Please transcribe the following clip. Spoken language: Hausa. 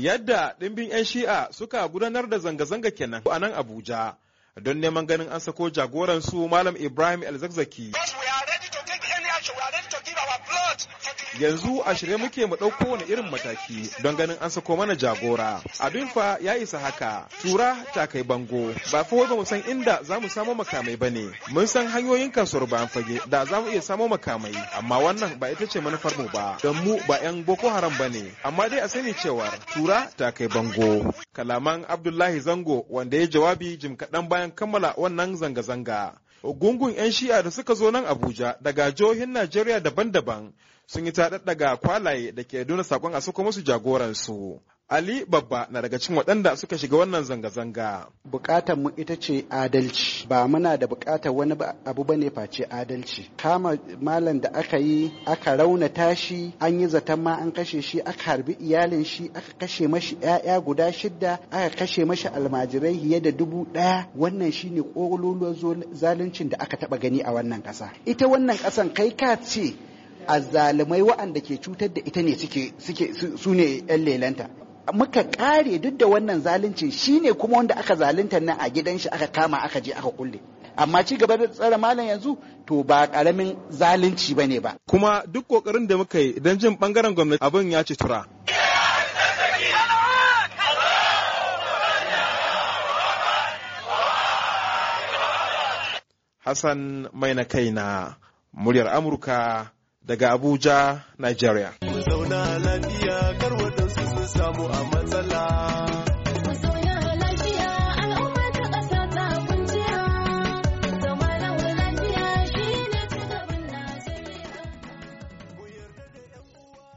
Yadda ɗimbin 'yan shi'a suka gudanar da zanga-zanga kenan a nan Abuja don neman ganin an sako jagoransu Malam Ibrahim el Yanzu a shirye muke mu ɗauko wani irin mataki don ganin an sako mana jagora. Abin fa ya isa haka, tura ta kai bango, ba fa ba mu san inda za mu samo makamai ba ne. Mun san hanyoyin kasuwar bayan fage da za mu iya samo makamai, amma wannan ba ita ce manufar mu ba, don mu ba 'yan Boko Haram ba ne. Amma dai a sani cewar tura ta kai bango. Kalaman Abdullahi Zango wanda ya jawabi jim kaɗan bayan kammala wannan zanga-zanga. gungun 'yan shi'a da suka zo nan abuja daga jihohin najeriya daban-daban sun yi ta ga kwalaye da ke nuna sakon a sako musu jagoransu Ali Babba na daga cikin waɗanda suka shiga wannan zanga-zanga. Bukatar mu ita ce adalci, ba muna da bukatar wani abu bane face adalci. Kama malam da aka yi, aka rauna tashi, an yi zaton ma an kashe shi, aka harbi iyalin shi, aka kashe mashi ‘ya'ya guda shidda, aka kashe mashi almajirai fiye da dubu ɗaya. Wannan ne ƙololuwar zaluncin da aka taɓa gani a wannan ƙasa. Ita wannan ƙasan kai ka ce azzalumai wa'anda ke cutar da ita ne suke su ne 'yan lelanta muka kare duk da wannan zaluncin shine kuma wanda aka zalunta nan a gidan shi aka kama aka je aka kulle amma ci gaba da tsare malam yanzu to ba karamin zalunci bane ba kuma duk kokarin da muka yi don jin bangaren gwamnati abin ya ci tura Hassan mai na kai na muryar Amurka daga Abuja, Nigeria. Zauna lafiya mun samu a matsala